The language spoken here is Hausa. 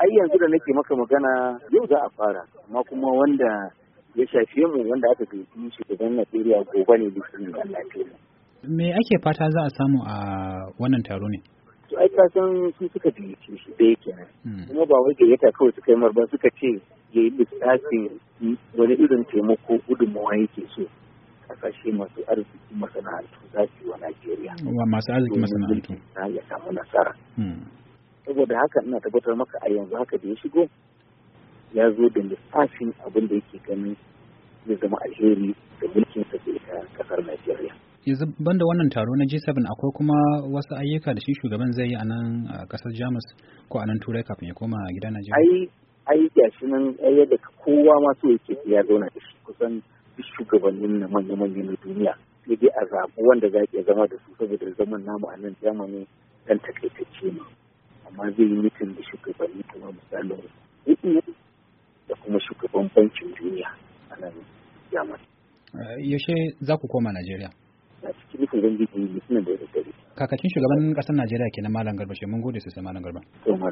ai yanzu da nake maka magana yau za a fara amma kuma wanda ya shafe mu wanda aka gaji shi gaban Najeriya gobe ne bikin da lafiya me ake fata za a samu a wannan taro ne to ai ka san su suka gayyace shi da yake nan hmm. kuma ba wai gayyata kawai suka yi marban suka ce ya yi lissafin wani irin taimako gudunmawa yake so kasashe masu arziki masana'antu za su yi wa Najeriya. Wa masu arziki masana'antu. Ya samu nasara. Hmm. saboda haka ina tabbatar maka a yanzu haka da ya shigo ya zo da lissafin abin da yake gani ya zama alheri da mulkin sa ke kasar Najeriya. Yanzu banda wannan taro na G7 akwai kuma wasu ayyuka da shi shugaban zai yi a nan kasar Jamus ko a nan Turai kafin ya koma gida Najeriya. Ai ai shi nan yadda kowa ma so yake ya zauna da shi kusan shugabannin na manya-manyan na duniya sai dai a zaɓi wanda za zama da su saboda zaman namu a nan Jamani dan takaitacce ne. amma zai yi mitin da shugabanni kamar misalin EU da kuma shugaban bankin duniya a nan Jamus. Eh, yaushe za ku koma Najeriya? Na cikin nufin zan ji litinin da ya Kakakin shugaban ƙasar Najeriya kenan Malam Garba, shi mun gode sosai Malam Garba.